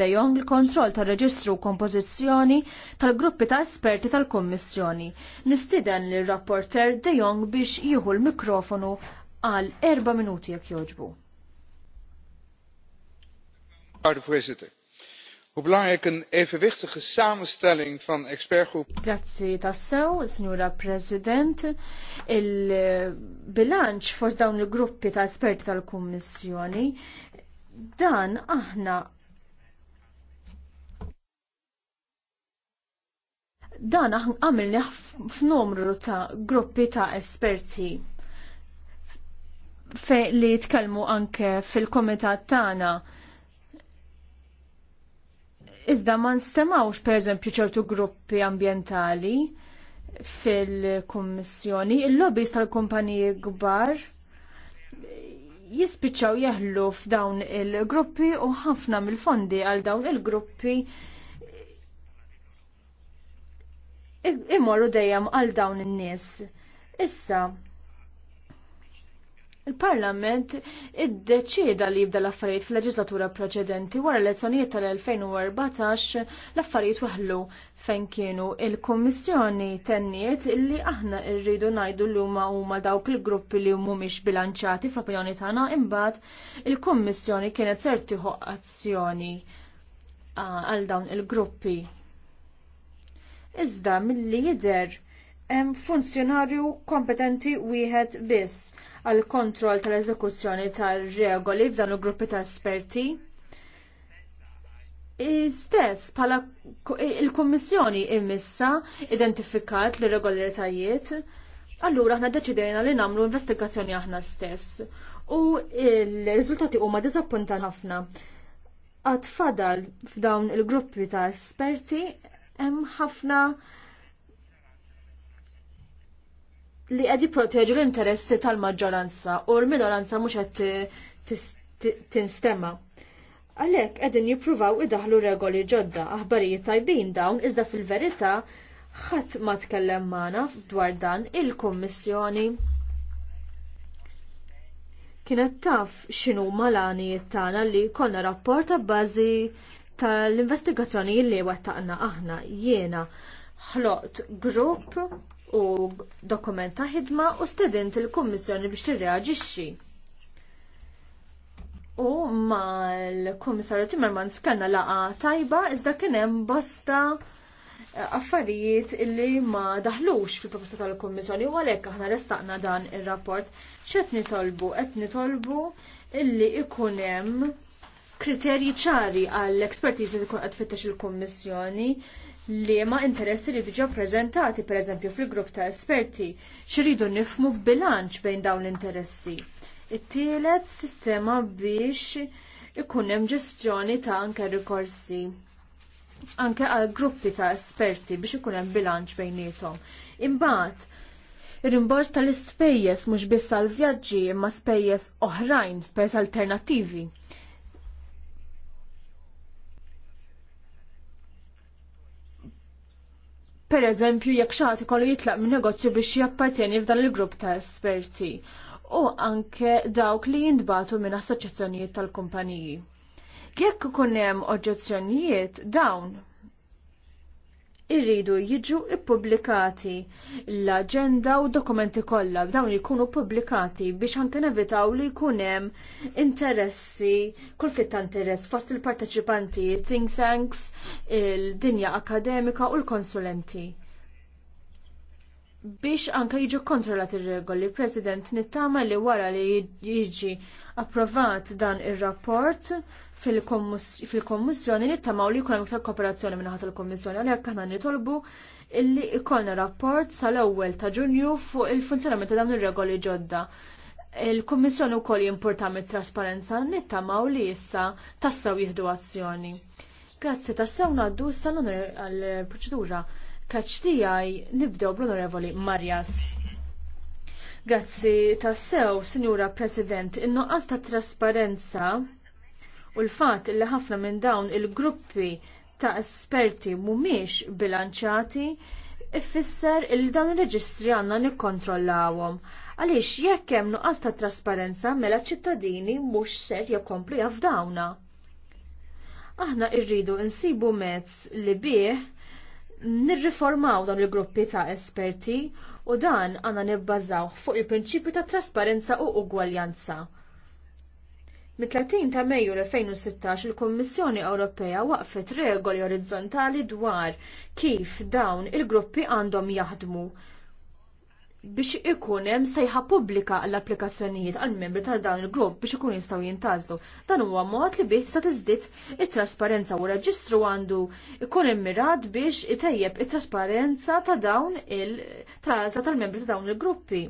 dejjom l-kontroll tal-reġistru u kompożizzjoni tal-gruppi ta' esperti tal-Kommissjoni. Nistiden l rapporter dejjom biex jieħu l-mikrofonu għal erba' minuti jekk joġbu. Hoe belangrijk een evenwichtige samenstelling van expertgroepen. Grazie tassew, signora President. Il-bilanċ eh, fos dawn il-gruppi ta' esperti tal-Kummissjoni dan aħna dan għamilni f'numru ta' gruppi ta' esperti fej li jitkellmu anke fil-komitat tagħna. Iżda ma nstemawx pereżempju ċertu gruppi ambjentali fil-kummissjoni, il-lobbies tal-kumpaniji kbar jispiċċaw jeħlu f'dawn il-gruppi u ħafna mill-fondi għal dawn il-gruppi il gruppi u ħafna mill fondi għal dawn il gruppi imorru dejjem għal dawn in-nies. Issa, il-Parlament iddeċieda li jibda l-affarijiet fil-leġislatura preċedenti wara l-elezzjonijiet tal-2014 l-affarijiet waħlu fejn kienu il-Kummissjoni tenniet li aħna rridu ngħidu li huma huma dawk il-gruppi li mhumiex bilanċati fl-opinjoni tagħna imbagħad il-Kummissjoni kienet ser tieħu azzjoni għal dawn il-gruppi iżda milli jidher hemm funzjonarju kompetenti wieħed biss għall kontroll tal-eżekuzzjoni tar-regoli f'dan il-gruppi ta' esperti. Stess, bħala il kummissjoni immissa identifikat l irregolaritajiet Allura aħna deċidejna li namlu investigazzjoni aħna stess. U il-riżultati huma diżappuntan ħafna. Qatt fadal f'dawn il-gruppi ta' esperti hemm ħafna li qed jipproteġu l-interessi tal-maġġoranza u l-minoranza mhux qed tinstema. Għalhekk qegħdin jippruvaw idaħlu regoli ġodda, aħbarijiet tajbin dawn iżda fil-verità ħadd ma tkellem magħna dwar dan il-Kummissjoni kienet taf x'inhu malanijiet tagħna li konna rapporta bażi tal-investigazzjoni li taqna aħna jiena ħloqt grupp u dokumenta ħidma u stedint il-Kummissjoni biex tirreġixxi. U mal-Kummissarju Timmermans kellna laqa tajba iżda kien hemm bosta eh, affarijiet illi ma daħlux fil proposta tal-Kummissjoni u għalhekk aħna restaqna dan ir-rapport x'qed nitolbu qed nitolbu illi ikun hemm kriterji ċari għall-expertiż li tkun qed tfittex il-Kummissjoni li ma interessi li diġa prezentati, per eżempju, fil-grupp ta' esperti, xiridu nifmu bilanċ bejn dawn l-interessi. It-tielet sistema biex ikun hemm ġestjoni ta' anke rikorsi anke għal gruppi ta' esperti biex ikun hemm bilanċ bejnietom. Imbagħad, ir-rimbors tal-ispejjeż mhux biss għall vjaġġi imma spejjeż oħrajn, spejjeż alternattivi. per eżempju jekk xaħat ikollu jitlaq minn negozju biex jappartjeni f'dan il-grupp ta' esperti u anke dawk li jindbatu minn assoċjazzjonijiet tal-kumpaniji. Jekk ikun hemm oġġezzjonijiet dawn irridu jiġu ippubblikati l-aġenda u dokumenti kollha dawn jkunu pubblikati biex anke nevitaw li jkun hemm interessi, konflitt ta' interess fost il-parteċipanti, think tanks, il-dinja akademika u l-konsulenti biex anka jiġu kontrollat ir-regoli. President nittama li wara li jiġi approvat dan ir-rapport fil-Kommissjoni nittamaw li jkun hemm iktar kooperazzjoni minn ħadd il-Kommissjoni għalhekk aħna nitolbu illi jkollna rapport sal-ewwel ta' Ġunju fuq il-funzjonament ta' dawn ir-regoli ġodda. Il-Kummissjoni wkoll jimpurta mit-trasparenza nittamaw li issa tassew jieħdu azzjoni. Grazzi, tassew ngħaddu s-sanon għall-proċedura kaċ tiegħi nibdew bl-Onorevoli Marjas. Grazzi tassew, Sinjura President, in-nuqqas ta' trasparenza u l-fatt li ħafna minn dawn il-gruppi ta' esperti mhumiex bilanċati ifisser li dawn ir-reġistri għandna nikkontrollawhom għaliex jekk hemm nuqqas ta' trasparenza mela ċittadini mhux ser jkomplu jafdawna. Aħna rridu nsibu mezz li bih nirriformaw dawn il-gruppi ta' esperti u dan għandna nibbażaw fuq il-prinċipju ta' trasparenza u ugwaljanza. Mit-30 ta' Mejju l-2016 il-Kummissjoni Ewropea waqfet regoli orizzontali dwar kif dawn il-gruppi għandhom jaħdmu biex ikun hemm sejħa pubblika għall-applikazzjonijiet għall membri ta' dawn il-grupp biex ikun jistgħu jintgħażlu. Dan huwa mod li bih sa tiżdied it-trasparenza u reġistru għandu ikun immirat biex itejjeb it-trasparenza ta' dawn il tazla tal-membri ta' dawn il-gruppi.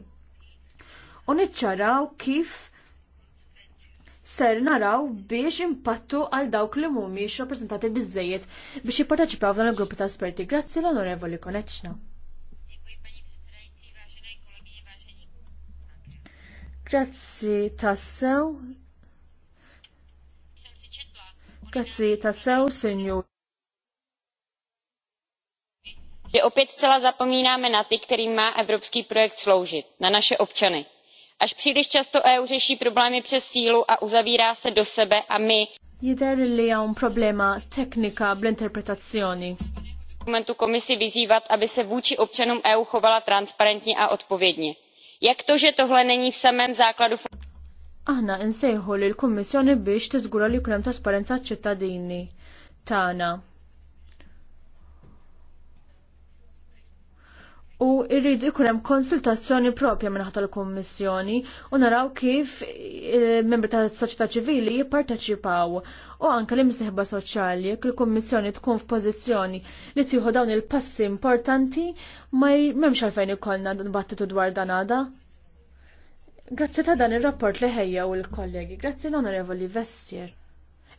U niċċaraw kif ser naraw biex impattu għal dawk li mhumiex rappreżentati biżejjed biex jipparteċipaw f'dan il-gruppi ta' esperti. Grazzi l-Onorevoli Koneċna. Grazzi tassew. Grazzi tassew, senjur. Že opět zcela zapomínáme na ty, kterým má evropský projekt sloužit, na naše občany. Až příliš často EU řeší problémy přes sílu a uzavírá se do sebe a my. Jider li un problema teknika bl-interpretazzjoni dokumentu komisi vyzývat aby se vůči občanům eu chovala transparentně a odpovědně Jak to, že tohle není v samém základu Aħna nsejħu lill kummissjoni biex tiżgura li jkun hemm trasparenza ċ-ċittadini tagħna. u irridu ikunem hemm konsultazzjoni propja minn ħata l-Kummissjoni u naraw kif il-membri eh, tas-soċjetà ċivili jipparteċipaw u anke li msieħba soċjali jekk il-Kummissjoni tkun f'pożizzjoni li tieħu dawn il-passi importanti ma m'hemmx għalfejn ikollna dibattitu dwar dan għada. Grazzi ta' dan il-rapport li ħejja u l-kollegi, grazzi l-onorevoli Vestier,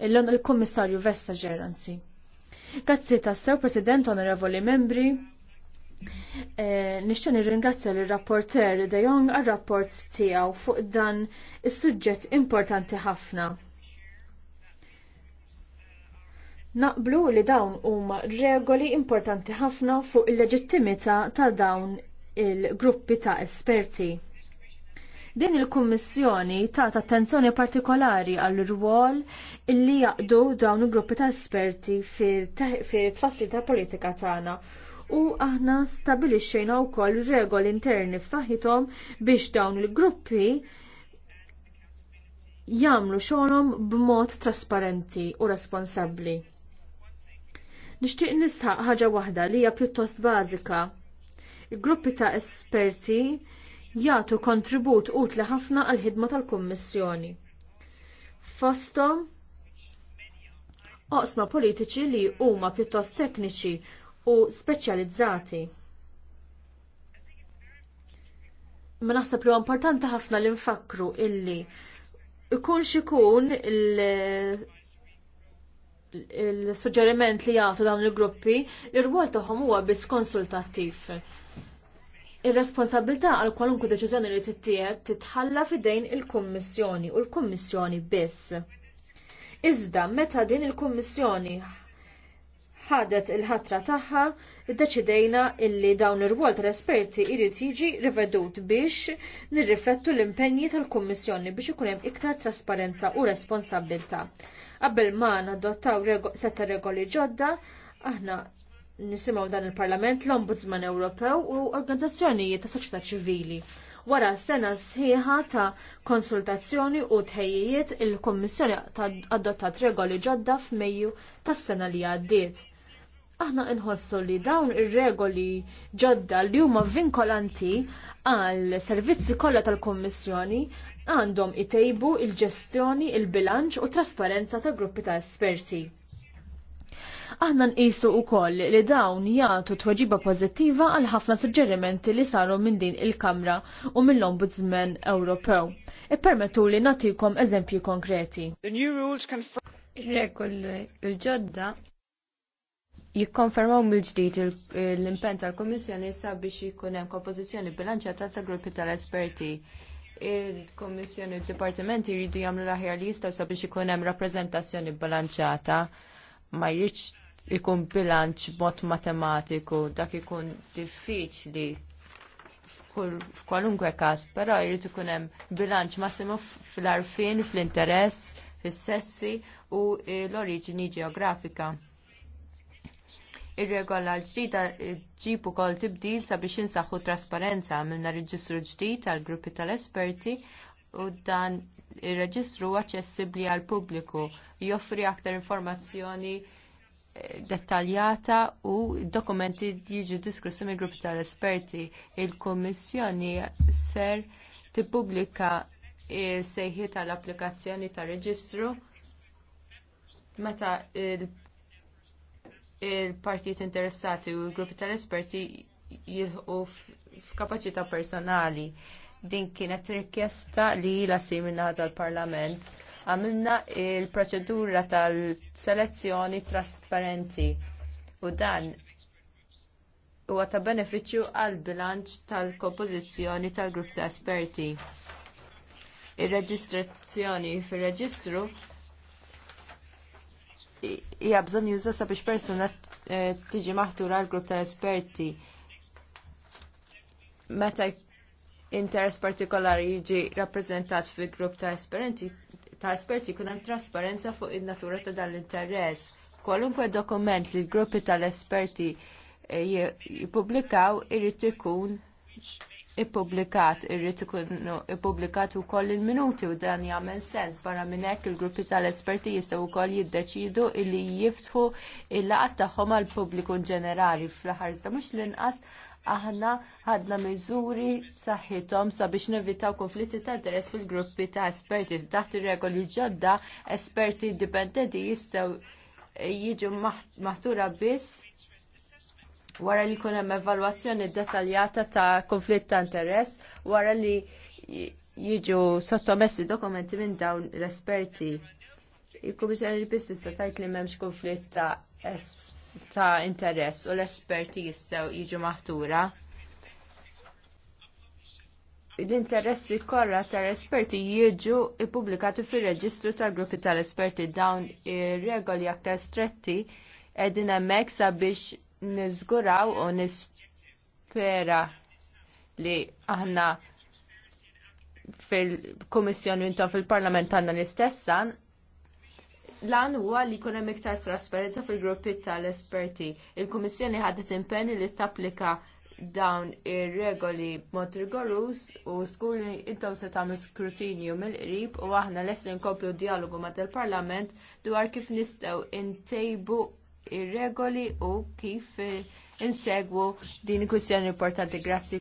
il-kommissarju Vestager, anzi. Grazzi ta' sew President, onorevoli membri, E, Nixtieq nirringrazzja l rapporter De Jong għar-rapport tiegħu fuq dan is-suġġett importanti ħafna. Naqblu li dawn huma regoli importanti ħafna fuq il-leġittimità ta' dawn il-gruppi ta' esperti. Din il-Kummissjoni ta' attenzjoni partikolari għall rwol illi jaqdu dawn il-gruppi ta' esperti fi tfassil tal politika tagħna u aħna stabilixxejna wkoll regoli interni f'saħħithom biex dawn il-gruppi jagħmlu xogħolhom b'mod trasparenti u responsabbli. Nixtieq nisħaq ħaġa waħda li hija pjuttost bażika. Il-gruppi ta' esperti jagħtu kontribut utli ħafna għall ħidma tal-Kummissjoni. Fosthom oqsma politiċi li huma pjuttost tekniċi u speċjalizzati. Ma naħseb li importanti ħafna li nfakru illi ikun xikun il- il-suġġeriment li jagħtu dawn il-gruppi, ir-rwol tagħhom huwa biss konsultattiv. Ir-responsabilità għal kwalunkwe deċiżjoni li tittieħed titħalla fidejn il-Kummissjoni u l-Kummissjoni biss. Iżda meta din il-Kummissjoni ħadet il-ħatra tagħha iddeċidejna illi dawn ir-rwol tal-esperti jrid jiġi rivedut biex nirriflettu l-impenji tal-Kummissjoni biex ikun hemm iktar trasparenza u responsabilità. Qabel ma nadottaw setta regoli ġodda, aħna nisimgħu dan il-Parlament l-Ombudsman Ewropew u organizzazzjonijiet ta' soċjetà ċivili. Wara sena sħiħa ta' konsultazzjoni u tħejjiet il kummissjoni adottat regoli ġodda f'Mejju tas-sena li għaddiet aħna nħossu li dawn ir-regoli ġodda li huma vinkolanti għal servizzi kollha tal-Kommissjoni għandhom itejbu il-ġestjoni, il-bilanċ u trasparenza ta' gruppi ta' esperti. Aħna nqisu wkoll li dawn jagħtu tweġiba pożittiva għal ħafna suġġerimenti li saru minn din il-Kamra u mill-Ombudsman Ewropew. Ippermettu li nagħtikom eżempji konkreti. Regoli l-ġodda jikkonfermaw mill-ġdid l-impenn tal-Kummissjoni sa biex jkun hemm kompożizzjoni bilanċjata ta' gruppi tal-esperti. Il-Kummissjoni u d dipartimenti jridu jagħmlu l-aħjar li jistgħu sabiex ikun hemm rappreżentazzjoni bilanċjata ma jridx ikun bilanċ b'mod matematiku dak ikun diffiċli f'kwalunkwe każ, però jrid ikun hemm bilanċ massimu fl-arfin, fl-interess, fis-sessi u l-oriġini ġeografika. Ir-regola l-ġdida ġib ukoll tibdil sabiex insaħħu trasparenza għamilna reġistru ġdid għall gruppi tal-esperti u dan ir-reġistru aċċessibbli għall pubbliku joffri aktar informazzjoni eh, dettaljata u dokumenti jiġu diskussi mill gruppi tal-esperti. Il-Kummissjoni ser tippubblika s sejħiet tal-applikazzjoni tar reġistru meta il il-partijiet interessati u l-gruppi tal-esperti jilħu f'kapaċità personali. Din kienet rikjesta li la minnaħa tal-Parlament. Għamilna l proċedura tal-selezzjoni trasparenti u dan huwa ta' benefiċċju għall bilanċ tal-kompożizzjoni tal-grupp ta' esperti. Ir-reġistrazzjoni fir-reġistru hija bżonn juża sabiex persuna e, tiġi maħtura għal grupp ta' esperti. Meta interess partikolari jiġi rappresentat fil grupp ta' esperti, ta' esperti kun hemm trasparenza fuq in-natura ta' dan l-interess. Kwalunkwe dokument li l-gruppi tal-esperti e, jippubblikaw irid ikun ippubblikat, irrid ikunu ippubblikat ukoll il-minuti u dan jagħmel sens barra minn hekk il-gruppi tal-esperti jistgħu wkoll jiddeċiedu li jiftħu il-laqgħat tagħhom għall pubbliku ġenerali fl-aħħar iżda mhux l-inqas aħna ħadna miżuri b'saħħithom sabiex nevitaw konflitti ta' interess fil-gruppi ta' esperti f'daħt ir-regoli ġodda esperti indipendenti jistgħu jiġu maħtura biss wara li jkun hemm evalwazzjoni dettaljata ta' konflitt ta' interess, wara li jiġu sottomessi dokumenti minn dawn l-esperti. Il-Kummissjoni li biss tista' tgħid li m'hemmx konflitt ta' ta' interess u l-esperti jistgħu jiġu maħtura. L-interessi kollha tal-esperti jiġu ppubblikati fir-reġistru tal-gruppi tal-esperti dawn ir-regoli aktar stretti qegħdin hemmhekk sabiex niżguraw u nispera li aħna fil-Komissjoni ta' fil-Parlament għandna l-istessan, lan huwa li jkun hemm iktar trasparenza fil-gruppi tal-esperti. Il-Kummissjoni ħadet impenni li tapplika dawn ir-regoli mod rigorus u skur intom se tagħmlu skrutinju mill-qrib u aħna lesni nkomplu dialogu ma' parlament dwar kif nistgħu ntejbu ir-regoli u kif insegwu din il-kwistjoni importanti. Grazzi.